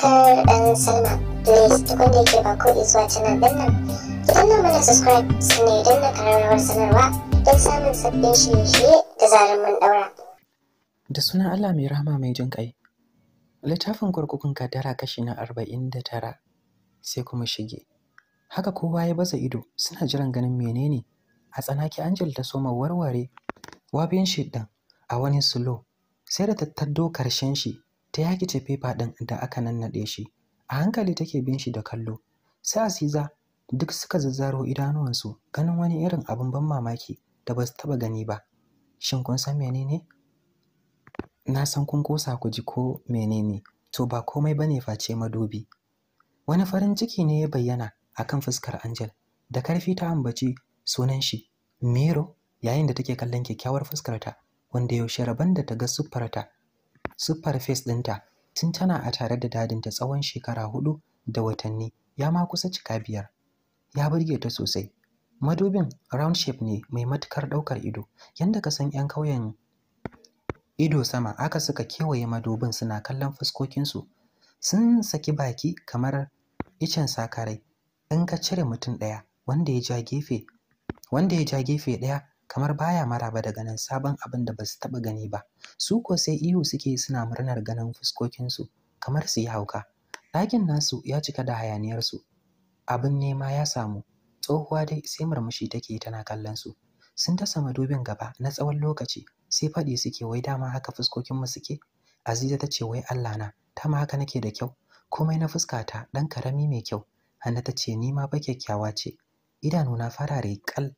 subscribe and sign up. Please da ba zuwa subscribe sanarwa don samun da sunan Allah mai rahama mai jin ƙai. Littafin kurkukun kadara kashi na arba'in da tara sai kuma shige. Haka kowa ya baza ido suna jiran ganin menene a tsanaki Angel ta soma warware wabin shi ɗin a wani sulo sai da tattaddo karshen shi ta ce fefa ɗin da aka nannaɗe shi a hankali take bin shi da kallo sai asiza duk suka zazzaro idanuwansu ganin wani irin abin ban mamaki da ba su taɓa gani ba shin kun san menene na san kun kosa ku ji ko menene to ba komai bane face madobi wani farin ciki ne ya bayyana akan fuskar Angel da karfi ta ambaci sunan shi mero yayin da take kallon kyakkyawar fuskar ta wanda yaushe rabon da ta ga siffarta siffar face ɗinta tun tana a tare da dadinta tsawon shekara hudu da watanni ya ma kusa cika biyar ya burge ta sosai madubin round shape ne mai matukar ɗaukar ido yadda ka san 'yan kauyen ido sama aka suka kewaye madubin suna kallon fuskokinsu sun saki baki kamar icen sakarai in ka cire mutum ɗaya wanda ya ja gefe wanda ya ja gefe ɗaya kamar baya maraba da ganin sabon abin da ba su taɓa gani ba su ko sai ihu suke suna murnar ganin fuskokinsu kamar su yi hauka ɗakin nasu ya cika da hayaniyarsu abin nema ya samu tsohuwa dai sai murmushi take tana kallon su sun dasa madubin gaba na tsawon lokaci sai faɗi suke wai dama haka fuskokin mu suke aziza ta ce wai allah na ta ma haka nake da kyau komai na fuska ta, ɗan karami mai kyau hanna ta ce ni ma kyakkyawa ce idanu na farare kal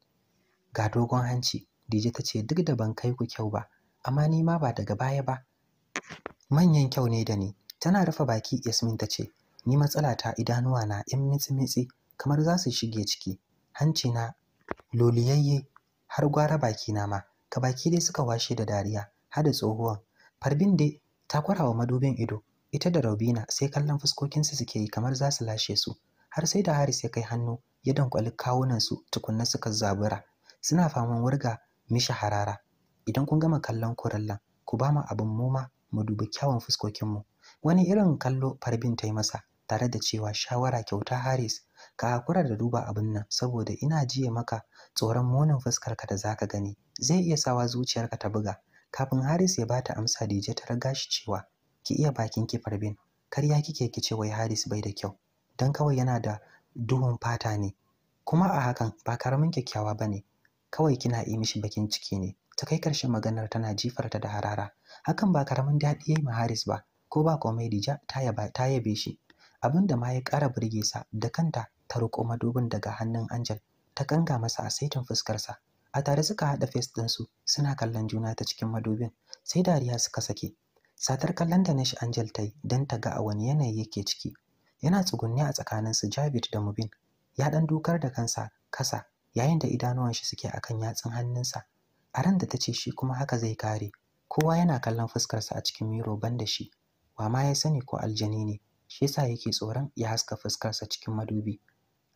ga dogon hanci dije ta ce duk da ban kai ku kyau ba amma ni ma ba daga baya ba manyan kyau ne da ni tana rufe baki yasmin ta ce ni matsala ta idanuwa na yan mitsi-mitsi kamar za su shige ciki hanci na loliyayye har gwara baki na ma ka baki dai suka washe da dariya har da tsohuwan farbin dai ta kwarawa madubin ido ita da Robina sai kallon fuskokinsu suke yi kamar za su lashe su har sai da Haris ya kai hannu ya dankwali kawunan su tukunna suka zabura suna faman wurga mishi harara idan kun gama kallon kurallan ku ba mu abin muma mu dubi kyawun fuskokinmu wani irin kallo farbin ta yi masa tare da cewa shawara kyauta haris ka hakura da duba abin nan saboda ina jiye maka tsoron munin ka da zaka gani zai iya sawa zuciyarka ta buga kafin haris ya bata amsa dije ta raga shi cewa ki iya bakin ki farbin karya kike ki ce wai haris bai da kyau dan kawai yana da duhun fata ne kuma a hakan ba karamin kyakkyawa bane kawai kina yi mishi bakin ciki ne ta kai karshen maganar tana jifarta da harara hakan ba karamin daɗi yayi ma Haris ba ko ba komai Dija ta yaba yabe shi abin da ma ya ƙara burge sa da kanta ta roƙo madubin daga hannun Angel ta kanga masa a saitin fuskar sa a tare suka haɗa face din su suna kallon juna ta cikin madubin sai dariya suka sake satar kallon da nashi Angel ta yi don ta ga a wani yanayi yake ciki yana tsugunni a tsakanin su Jabir da Mubin ya ɗan dukar da kansa kasa yayin da idanuwan shi suke akan yatsun hannunsa a ran da ta ce shi kuma haka zai kare kowa yana kallon fuskarsa a cikin miro banda shi ba ma ya sani ko aljani ne shi yasa yake tsoron ya haska fuskarsa cikin madubi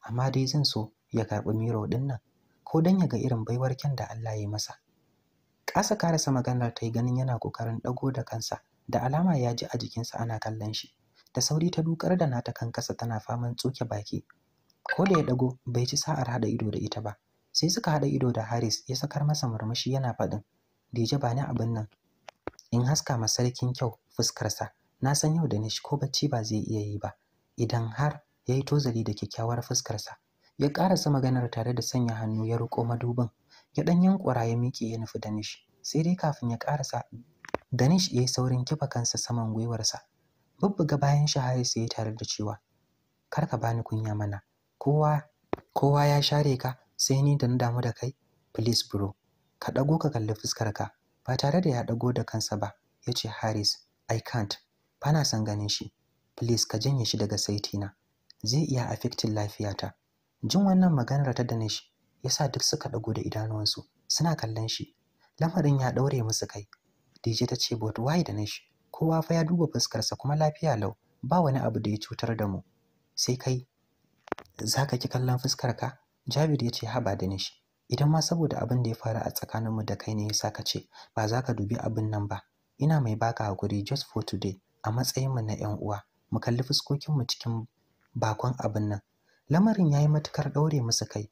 amma dai zan so ya karɓi miro ɗin nan ko don ya ga irin baiwar kyan da Allah ya yi masa ƙasa karasa maganar ta yi ganin yana ƙoƙarin ɗago da kansa da alama ya ji a jikinsa ana kallon shi da sauri ta dukar da nata kan kasa tana faman tsoke baki ko da ya dago bai ci sa'ar hada ido da ita ba sai suka hada ido da Haris ya sakar masa murmushi yana faɗin Dije ba ni abin nan in haska ma sarkin kyau fuskarsa na san yau da nishi ko bacci ba zai iya yi ba idan har ya yi tozali da kyakkyawar fuskarsa ya karasa maganar tare da sanya hannu ya riko madubin ya ɗan yankura ya miƙe ya nufi danish sai dai kafin ya karasa danish ya yi saurin kifa kansa saman gwiwarsa bubbuga bayan shi Haris ya tare da cewa kar ka bani kunya mana kowa kowa ya share ka sai ni da na damu da kai please bro ka ɗago ka kalli fuskar ka ba tare da ya ɗago da kansa ba ya ce Harris. I can't bana son ganin shi please ka janye shi daga saiti na zai iya affecting lafiyata jin wannan maganar ta Danish yasa duk suka dago da idanuwansu suna kallon shi lamarin ya ɗaure musu kai DJ ta ce but why Danish kowa fa ya duba fuskarsa kuma lafiya lau ba wani abu da ya cutar da mu sai kai za ka ki kallon fuskar ka? jabir ya ce haba da nishi idan ma saboda abin da ya faru a tsakaninmu da kai ne yasa ka ce ba za ka dubi abin nan ba ina mai baka hakuri just for today a matsayinmu na 'yan uwa mu kalli fuskokinmu cikin bakon abin nan lamarin ya yi matukar ɗaure musu kai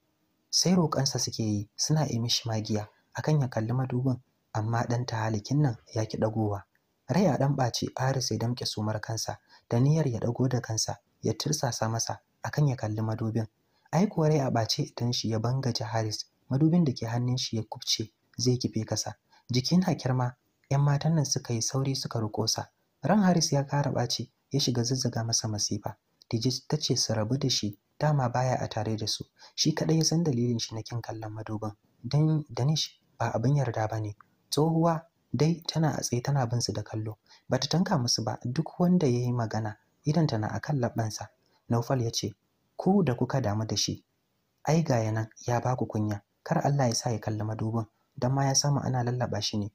sai roƙansa suke yi suna yi mishi magiya akan ya kalli madubin amma ɗan tahalikin nan ya ki ɗagowa rai a ɗan ɓaci aris ya damƙe sumar kansa da niyyar ya ɗago da kansa ya tirsasa masa akan ya kalli madubin ai kuwa a ɓace idan shi ya bangaje Haris madubin da ke hannun shi ya kubce zai kife kasa jikin hakir ma yan matan nan suka yi sauri suka ruko sa ran Haris ya kara ɓaci ya shiga zazzaga masa masifa Dijit ta ce su rabu da shi dama baya a tare da su shi kaɗai ya san dalilin shi na kin kallon madubin dan Danish ba abin yarda ba ne tsohuwa dai tana a tsaye tana bin su da kallo bata tanka musu ba duk wanda ya yi magana idanta na akan laɓansa. Naufal ya ce, Ku da kuka damu da shi, ai ga nan ya ba ku kunya, kar Allah ya sa ya kalli madubin, don ma ya samu ana lallaba shi ne.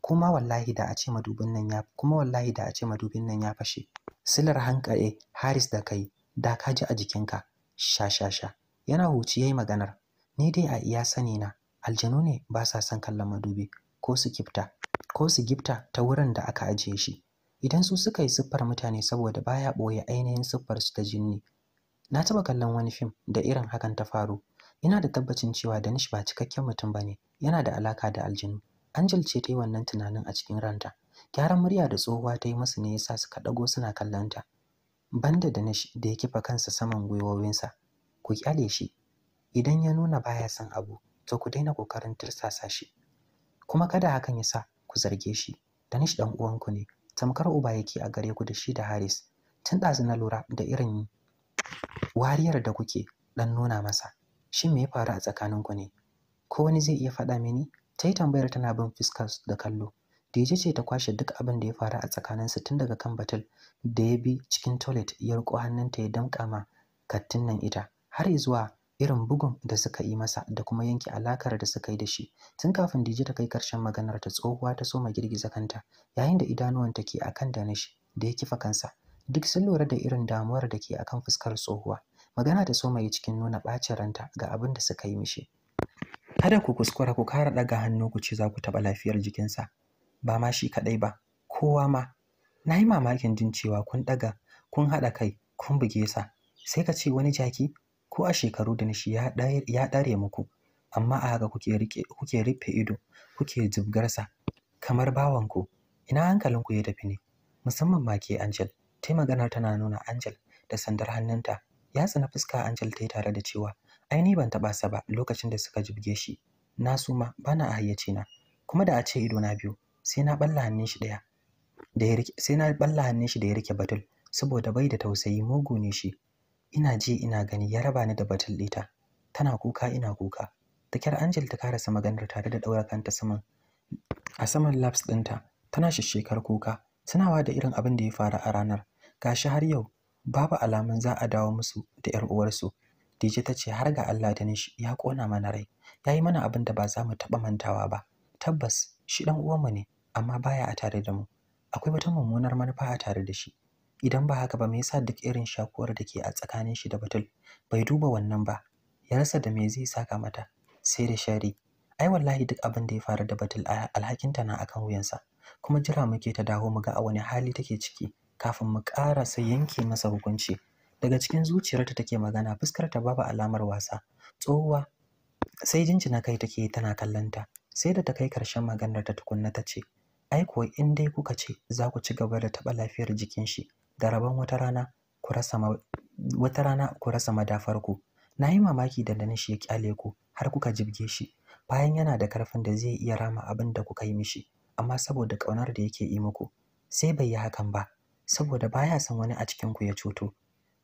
Kuma wallahi da a ce madubin nan ya kuma wallahi da a ce madubin nan ya fashe. Silar hankali, Haris da kai, da ka ji a jikinka, sha sha sha. Yana huci ya yi maganar, ni dai a iya sani na, aljanu ne ba sa son kallon madubi ko su gifta, ko su gifta ta wurin da aka ajiye shi. idan su suka yi siffar mutane saboda baya ɓoye ainihin siffar su ta jinni na taɓa kallon wani fim da irin hakan ta faru ina da tabbacin cewa danish ba cikakken mutum bane yana da alaka da aljinu angel ce ta yi wannan tunanin a cikin ranta gyaran murya da tsohuwa ta yi masa ne yasa suka ɗago suna kallon ta banda danish da ya kifa kansa saman gwiwowinsa ku kyale shi idan ya nuna baya son abu to ku daina kokarin tirsasa shi kuma kada hakan ya sa ku zarge shi danish dan uwanku ne tamkar uba yake a gare ku da shi da Haris tun ɗazu na lura da irin wariyar da kuke ɗan nuna masa shin me ya faru a tsakaninku ne ko wani zai iya faɗa mini ta yi tambayar tana bin fuskar da kallo Dije ce ta kwashe duk abin da ya faru a tsakaninsu tun daga kan batul da ya bi cikin toilet ya riko hannunta ya damƙa ma kattin nan ita har zuwa irin bugun da suka yi masa da kuma yanke alakar da suka yi da shi tun kafin dije ta kai karshen maganar ta tsohuwa ta soma girgiza kanta yayin da idanuwanta ke akan danish da ya kifa kansa duk sun lura da irin damuwar da ke akan fuskar tsohuwa magana ta soma yi cikin nuna ɓacin ranta ga abin da suka yi mishi kada ku kuskura ku kara ɗaga hannu ku ce za ku taɓa lafiyar jikinsa ba ma shi kaɗai ba kowa ma na yi mamakin jin cewa kun ɗaga kun haɗa kai kun buge sa sai ka ce wani jaki ko a shekaru da nishi ya ɗare muku amma a haka kuke rufe ido kuke jibgarsa kamar bawanku ina hankalinku ya tafi ne musamman ma ke Angel tai maganar tana nuna Angel da sandar hannunta ya tsina fuska Angel ta yi tare da cewa ai ni ban taɓa sa ba lokacin da suka jibge shi na suma bana a hayyace na kuma da a ce ido na biyu sai na balla hannun shi sai hannun shi da ya rike batul saboda bai da tausayi mugu ne shi ina ji ina gani ya ni da batun ɗita tana kuka ina kuka da kyar angel ta karasa maganar tare da ɗaura kanta saman a saman labs ɗinta tana shishshekar kuka tunawa da irin abin da ya faru a ranar gashi har yau babu alamun za a dawo musu da ‘yar uwarsu dije ta ce har ga allah da nishi ya kona mana rai ya yi mana abin da ba za mu taɓa mantawa ba tabbas shi ɗan uwanmu ne amma baya a tare da mu akwai wata mummunar manufa a tare da shi Idan ba haka ba me yasa duk irin shakuwar da ke a tsakanin shi da Batul bai duba wannan ba. Ya rasa da me zai saka mata sai da shari. Ai wallahi duk abin da ya faru da Batul alhakinta na akan wuyansa. Kuma jira muke ta dawo mu ga a wani hali take ciki kafin mu karasa yanke masa hukunci. Daga cikin zuciyarta take magana fuskar ta babu alamar wasa. Tsohuwa sai jinjina kai take tana kallonta sai da ta kai karshen maganar ta tukunna ta ce ai kuwa in dai kuka ce za ku ci gaba da taɓa lafiyar jikin shi da rabon wata rana ku rasa wata rana ku rasa madafarku na yi mamaki da danin shi ya kyale ku har kuka jibge shi bayan yana da karfin da zai iya rama abin da kuka yi mishi amma saboda ƙaunar da yake yi muku sai bai yi hakan ba saboda baya san wani a cikin ku ya cuto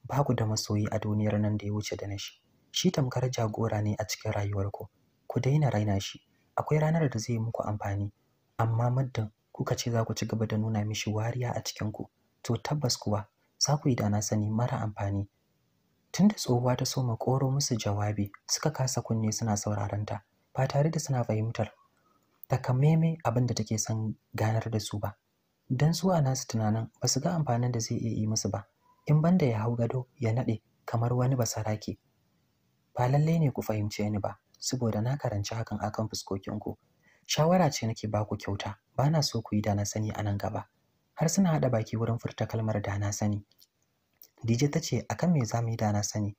ba ku da masoyi a duniyar nan da ya wuce da nashi shi tamkar jagora ne a cikin rayuwarku ku daina raina shi akwai ranar da zai yi muku amfani amma muddin kuka ce za ku ci gaba da nuna mishi wariya a cikin ku to tabbas kuwa za ku yi da na sani mara amfani tunda tsohuwa ta so mu koro musu jawabi suka kasa kunne suna sauraron ta ba tare da suna fahimtar takameme abin da take son ganar da su ba dan su a nasu tunanin ba su ga amfanin da zai iya yi musu ba in banda ya hau gado ya naɗe kamar wani basarake ba lallai ne ku fahimce ni ba saboda na karanci hakan akan fuskokinku shawara ce nake baku kyauta Ba na so ku yi da na sani a nan gaba har suna haɗa baki wurin furta kalmar da na sani dije ta ce a kan me za mu yi da na sani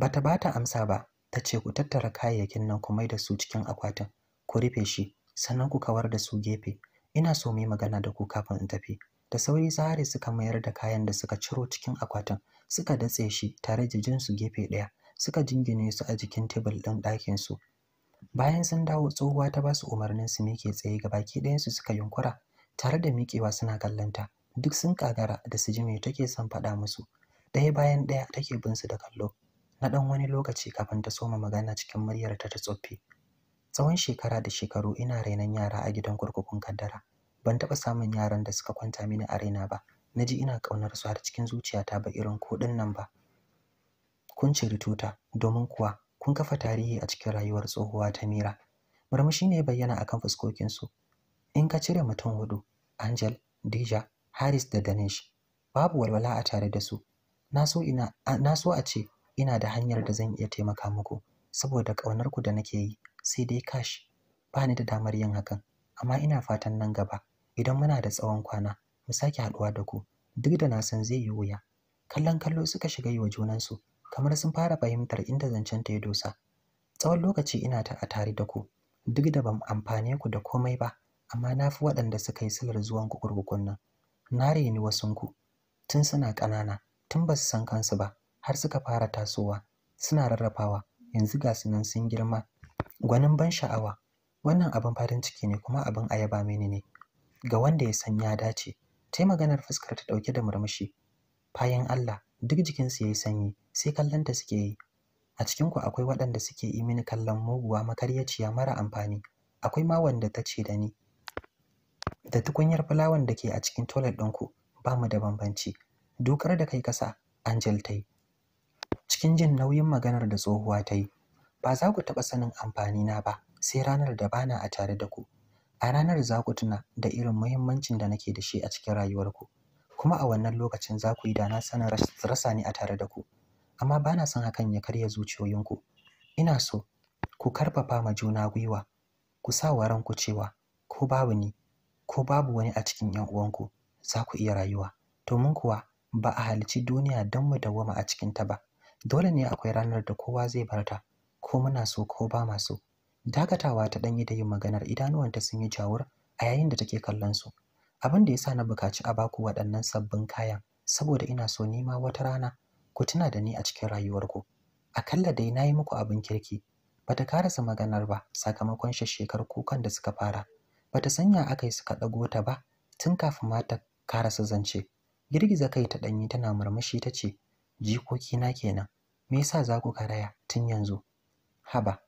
bata ta amsa ba ta ce ku tattara kayayyakin nan ku mai da su cikin akwatin ku rufe shi sannan ku kawar da su gefe ina so mu yi magana da ku kafin in tafi da sauri Zahari suka mayar da kayan da suka ciro cikin akwatin suka datse shi tare da jinsu gefe ɗaya suka jingine su a jikin tebur ɗin ɗakin bayan sun dawo tsohuwa ta ba su umarnin su tsaye ga baki ɗayansu suka yunkura tare da miƙewa suna kallonta duk sun kagara da su ji me take son faɗa musu ɗaya bayan ɗaya take bin su da kallo na ɗan wani lokaci kafin ta soma magana cikin muryar ta ta tsoffi tsawon shekara da shekaru ina rainon yara a gidan kurkukun kaddara ban taɓa samun yaran da suka kwanta mini a raina ba na ji ina ƙaunar su har cikin zuciyata ba irin kuɗin nan ba kun ciri tuta domin kuwa kun kafa tarihi a cikin rayuwar tsohuwa ta mira murmushi ne bayyana akan fuskokinsu in ka cire mutum hudu Angel, Dija, Haris da Danish babu walwala a tare da su. Na so a ce ina da hanyar da zan iya taimaka muku saboda ƙaunar ku da nake yi sai dai kash ba ni da damar yin hakan amma ina fatan nan gaba idan muna da tsawon kwana mu sake haɗuwa da ku duk da na san zai yi wuya kallon kallo suka shiga yi wa junansu kamar sun fara fahimtar inda zancen ta ya dosa tsawon lokaci ina ta a tare da ku duk da ban amfane ku da komai ba amma na fi waɗanda suka yi silar zuwan kukurkukun nan na reni wasunku tun suna ƙanana tun ba su san kansu ba har suka fara tasowa suna rarrafawa yanzu ga su nan sun girma gwanin ban sha'awa wannan abin farin ciki ne kuma abin ayaba mini ne ga wanda ya san ya dace ta maganar fuskar ta ɗauke da murmushi bayan Allah duk jikinsu ya yi sanyi sai kallon kallonta suke yi a cikinku akwai waɗanda suke yi mini kallon muguwa makaryaciya mara amfani akwai ma wanda ta ce da ni da tukunyar fulawan da ke a cikin toilet ɗinku ba mu da bambanci dukar da kai kasa angel ta yi cikin jin nauyin maganar da tsohuwa ta yi ba za ku taɓa sanin amfani na ba sai ranar da bana a tare da ku a ranar za ku tuna da irin muhimmancin da nake da shi a cikin rayuwarku kuma a wannan lokacin za ku yi da na sanin rasa ni a tare da ku amma bana son hakan ya karya zuciyoyinku ina so ku karfafa ma juna gwiwa ku sa wa ranku cewa ko babu ni ko babu wani a cikin 'yan uwanku za ku iya rayuwa to mun kuwa ba a halici duniya don mu dawwama a cikin ta ba dole ne akwai ranar da kowa zai bar ko muna so ko ba ma so dakatawa ta danyi da yin maganar idanuwanta sun yi jawur a yayin da take kallon su abin da yasa na bukaci a baku waɗannan sabbin kayan saboda ina so nima wata rana ku tuna da ni a cikin rayuwarku akalla dai na yi muku abin kirki bata karasa maganar ba sakamakon shekar kukan da suka fara bata sanya aka yi suka ɗago ta ba tun kafin ma ta karasa zance girgiza kai ta ɗanyi tana murmushi ta ce jikoki na kenan me yasa za ku karaya tun yanzu haba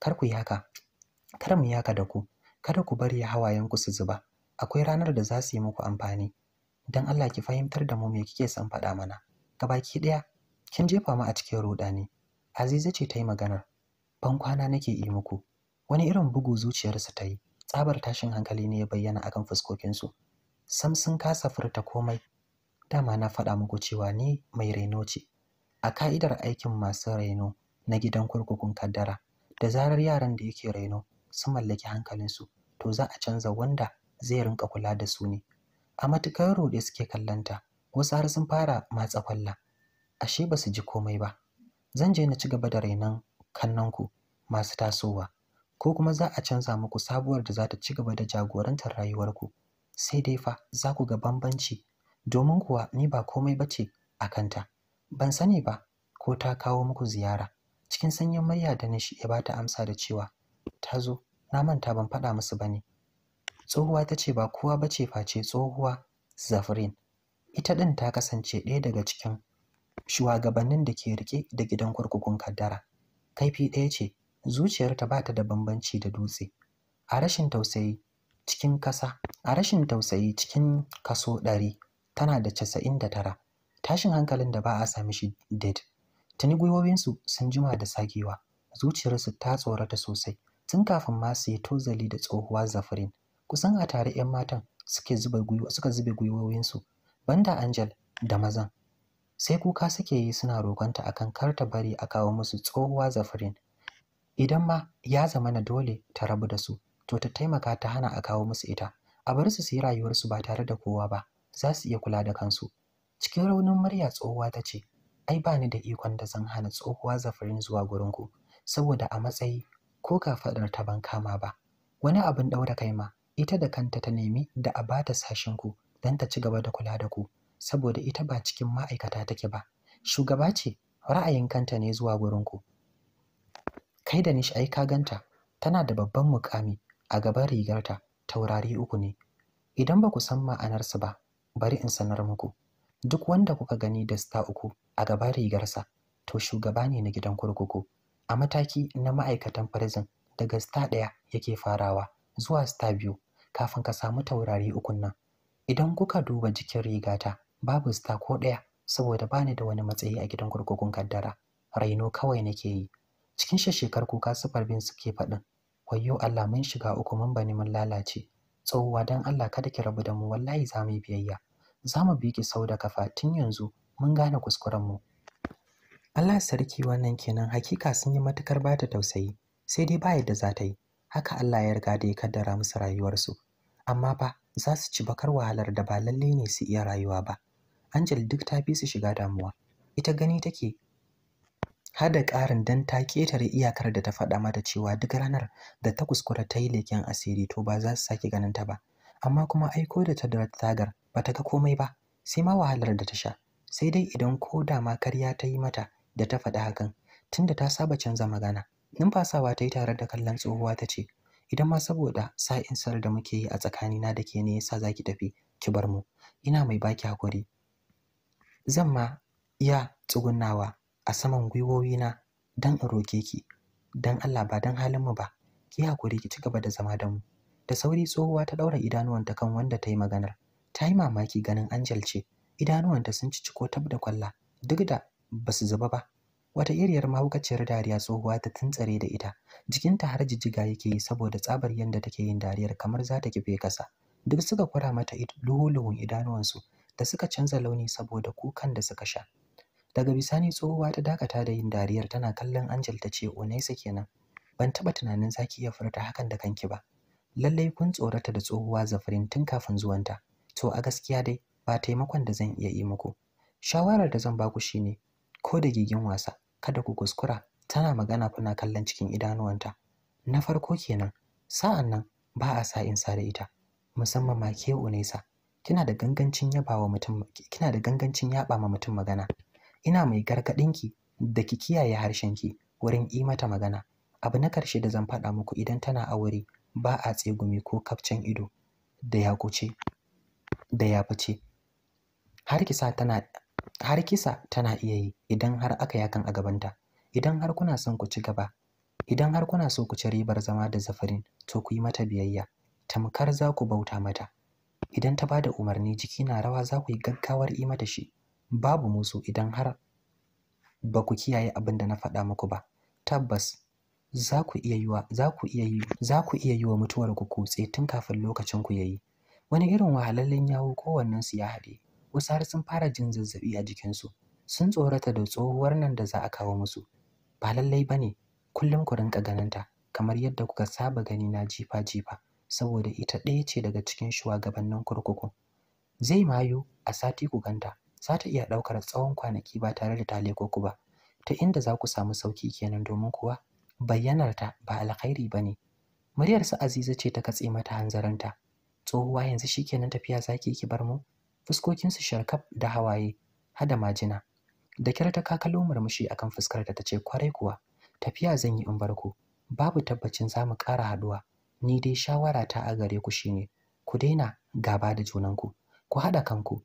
kar ku yi haka kar mu yaka da ku kada ku bari hawayenku su zuba akwai ranar da za su yi muku amfani don Allah ki fahimtar da mu me kike son faɗa mana Ka baki ɗaya kin jefa mu a cikin rudani. Aziza ce ta yi maganar ban kwana nake yi muku wani irin bugu zuciyarsa ta yi tsabar tashin hankali ne ya bayyana akan fuskokinsu sam sun kasa furta komai dama na faɗa muku cewa ni mai reno ce a ka'idar aikin masu reno na gidan kurkukun kaddara da zarar yaran da yake reno su mallaki hankalinsu to za a canza wanda zai rinka kula da su ne a matukar roɗe suke kallanta wasu har sun fara matsa kwalla ashe ba su ji komai ba zan je na ci gaba da renon kannanku masu tasowa ko kuma za a canza muku sabuwar da za ta ci gaba da jagorantar rayuwarku sai dai fa za ku ga bambanci domin kuwa ni ba komai bace a kanta ban sani ba ko ta kawo muku ziyara cikin sanyin murya da nishi ya ba ta amsa da cewa ta zo na manta ban faɗa musu ba ne. tsohuwa ta ce ba kowa bace face tsohuwa zafirin ita ɗin ta kasance ɗaya daga cikin shugabannin da ke rike da gidan kurkukun kaddara kaifi ɗaya ce zuciyarta ba ta da bambanci da dutse a rashin tausayi cikin kasa a rashin tausayi cikin kaso ɗari tana da casa'in da tara tashin hankalin da ba a sami shi dead tuni gwiwowinsu sun jima da sagewa zuciyarsu ta tsorata sosai tun kafin ma su yi tozali da tsohuwa zafirin kusan a tare 'yan matan suka zube gwiwowinsu banda angel da mazan sai kuka suke yi suna roƙonta akan kar ta bari a kawo musu tsohuwa zafirin idan ma ya zama na dole ta rabu da su to ta taimaka ta hana a kawo musu ita a bar su su yi rayuwarsu ba tare da kowa ba za su iya kula da kansu cikin raunin murya tsohuwa ta ce ai ba ni da ikon da zan hana tsohuwa zafirin zuwa gurinku saboda a matsayi ko ka faɗar ta ban kama ba wani abin ɗaura kai ma ita da kanta ta nemi da a ba ta ku don ta ci gaba da kula da ku saboda ita ba cikin ma'aikata take ba shugaba ce ra'ayin kanta ne zuwa gurinku kai da nish ai ka ganta tana da babban mukami a gaban rigarta taurari uku ne idan ba ku san ma'anarsa ba bari in sanar muku duk wanda kuka gani da sta uku a gaban rigarsa to shugaba ne na gidan kurkuku a mataki na ma'aikatan prison daga sta ɗaya yake farawa zuwa sta biyu kafin ka samu taurari ukun nan idan kuka duba jikin rigata babu sta ko ɗaya saboda bani da wani matsayi a gidan kurkukun kaddara raino kawai nake yi cikin shekar kuka sufar bin suke faɗin wayo Allah mun shiga uku mun bani mun lalace tsohuwa dan Allah kada ki rabu da mu wallahi za mu yi biyayya za mu bi ki sau da kafa tun yanzu mun gane kuskuren mu Allah sarki wannan kenan hakika sun yi matukar ba ta tausayi sai dai ba yadda za ta yi haka Allah ya riga da ya kaddara musu rayuwarsu amma ba za su ci bakar wahalar da ba lalle ne su iya rayuwa ba Angel duk ta fi su shiga damuwa ita gani take Hada karin ƙarin dan ta ketare iyakar da ta faɗa mata cewa duk ranar da ta kuskura ta yi leken asiri to ba za su sake ganin ta ba amma kuma aiko da ta da tagar ba ta ga komai ba sai ma wahalar da ta sha sai dai idan ko da ma karya ta yi mata da ta faɗi hakan tunda ta saba canza magana numfasawa ta yi tare da kallon tsohuwa ta ce idan ma saboda sa'in sar da muke yi a tsakani na da ke ne yasa za ki tafi ki bar mu ina mai baki hakuri zan ma iya tsugunnawa a saman gwiwowina don in roke ki don Allah ba don halinmu ba ki hakuri ki ci gaba da zama da mu da sauri tsohuwa ta ɗaura idanuwanta kan wanda ta yi maganar ta yi mamaki ganin Angel ce idanuwanta sun ci ciko tab da kwalla duk da ba su zuba ba wata iriyar mahaukaciyar dariya tsohuwa ta tuntsare da ita jikinta har jijjiga yake yi saboda tsabar yadda take yin dariyar kamar za ta kife kasa duk suka kwara mata luhu-luhun idanuwansu da suka canza launi saboda kukan da suka sha Daga bisani tsohuwa ta dakata da yin dariyar tana kallon Angel ta ce onesa kenan. Ban taɓa tunanin za ki iya furta hakan da kanki ba. Lallai kun tsorata da tsohuwa zafirin tun kafin zuwanta. To a gaskiya dai ba taimakon da zan iya yi muku. Shawarar da zan baku shine ko da gigin wasa kada ku kuskura tana magana kuna kallon cikin idanuwanta. Na farko kenan, sa'an nan ba a sa in da ita, musamman ma ke onesa. Kina da gangancin yaba wa mutum, kina da gangancin yaba ma mutum magana. ina mai gargaɗinki da ki kiyaye harshenki wurin yi mata magana abu na ƙarshe da zan faɗa muku idan tana aure ba a tsegumi ko kafcen ido da ya kuce da ya fice har kisa tana har iya yi idan har aka yakan a gabanta idan har kuna son ku ci gaba idan har kuna so ku ci ribar zama da zafarin to ku yi mata biyayya tamkar za ku bauta mata idan ta bada umarni jiki na rawa za ku yi gaggawar yi mata shi babu musu idan har ba ku kiyaye abin da na faɗa muku ba tabbas za ku iya yi wa mutuwar ku kutse tun kafin lokacin ku yayi wani irin wahalallen yawo kowannen su ya haɗe wasu har sun fara jin zazzabi a jikinsu sun tsorata da tsohuwar nan da za a kawo musu ba lallai ba ne, kullum ku rinka ganinta kamar yadda kuka saba gani na jifa jifa saboda ita ɗaya ce daga cikin shugabannin kurkuku zai mayu a sati ku ganta za ta iya ɗaukar tsawon kwanaki ba tare da ta leko ku ba ta inda za ku samu sauki kenan domin kuwa bayyanarta ba alkhairi ba ne muryarsa aziza ce ta katse mata hanzarinta tsohuwa yanzu shi kenan tafiya za ki bar mu fuskokinsu sharkaf da hawaye hada majina da kyar ta kakalo murmushi akan fuskar ta ce kwarai kuwa tafiya zan yi in bar barku babu tabbacin za mu ƙara haduwa ni dai shawara ta a gare ku shine ku daina gaba da junanku ku haɗa kanku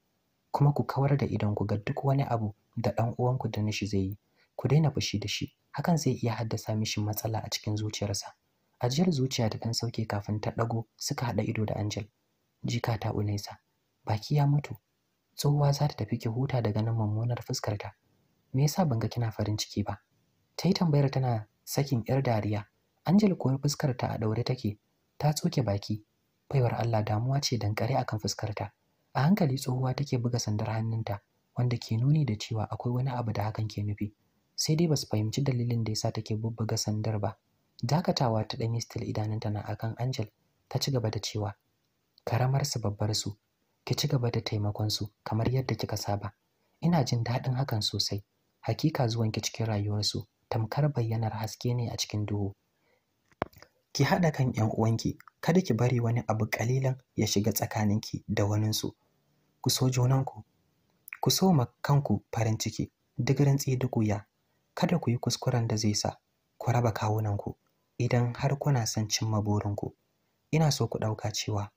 kuma ku kawar da idon ku ga duk wani abu da ɗan uwanku da nishi zai yi ku daina fushi da shi hakan zai iya haddasa mishi matsala a cikin zuciyarsa ajiyar zuciya da ɗan sauke kafin ta ɗago suka haɗa ido da Angel jika ta unaisa baki ya mutu tsohuwa za ta tafi ki huta daga nan mummunar fuskarta me yasa ban ga kina farin ciki ba ta yi tambayar tana sakin yar dariya Angel kuwa fuskarta a ɗaure take ta tsoke baki baiwar Allah damuwa ce dankare akan fuskarta A hankali tsohuwa take buga sandar hannunta wanda ke nuni da cewa akwai wani abu da hakan ke nufi. Sai dai basu fahimci dalilin da yasa take bubbuga sandar ba. Dakatawa ta ɗanyi stil idanunta na akan Angel ta ci gaba da cewa karamar su babbar su ki ci gaba da taimakon su kamar yadda kika saba. Ina jin daɗin hakan sosai. Hakika zuwan ki cikin rayuwarsu, tamkar bayyanar haske ne a cikin duhu. ki haɗa kan 'yan uwanki kada ki bari wani abu ƙalilan ya shiga tsakaninki da waninsu ku so junanku ku so ma kanku farin ciki duk rantsi duk wuya kada ku yi kuskuren da zai sa ku raba kawunanku idan har kuna son cimma burinku ina so ku ɗauka cewa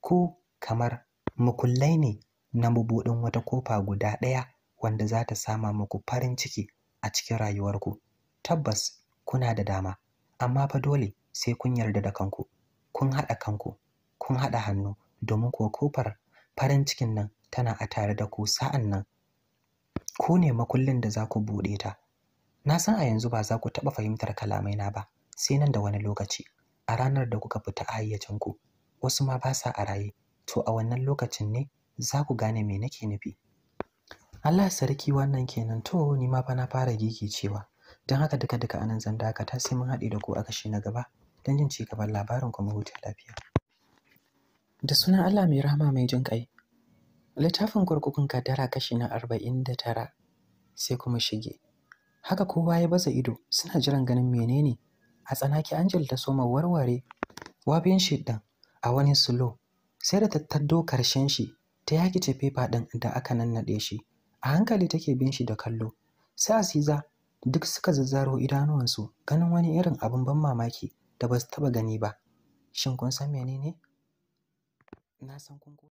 ku kamar mukullai ne na mabuɗin wata kofa guda ɗaya wanda za ta sama muku farin ciki a cikin rayuwarku tabbas kuna da dama amma fa dole sai kun yarda da kanku kun haɗa kanku kun haɗa hannu domin kuwa kofar farin cikin nan tana a tare da ku sa'an nan ku ne makullin da za ku buɗe ta na san a yanzu ba za ku taɓa fahimtar kalamaina ba sai nan da wani lokaci a ranar da kuka fita a hayyacinku wasu ma ba sa a raye to a wannan lokacin ne za ku gane me nake nufi Allah sarki wannan kenan to ni ma fa na fara gigicewa don haka duka duka anan zan dakata sai mun haɗe da ku a kashi na gaba don jin ci gaban labarin kuma huta lafiya da sunan Allah mai rahama mai jin ƙai littafin kurkukun kaddara kashi na arba'in da tara sai kuma shige haka kowa ya baza ido suna jiran ganin menene a tsanaki angel ta soma warware wabin shi ɗin a wani sulo sai da tattaddo karshen shi ta yaki ce fefa ɗin da aka nannaɗe shi a hankali take bin shi da kallo sai asiza duk suka zazzaro idanuwansu ganin wani irin abin ban mamaki da ba su taɓa gani ba. Shin kun san menene? Na san kun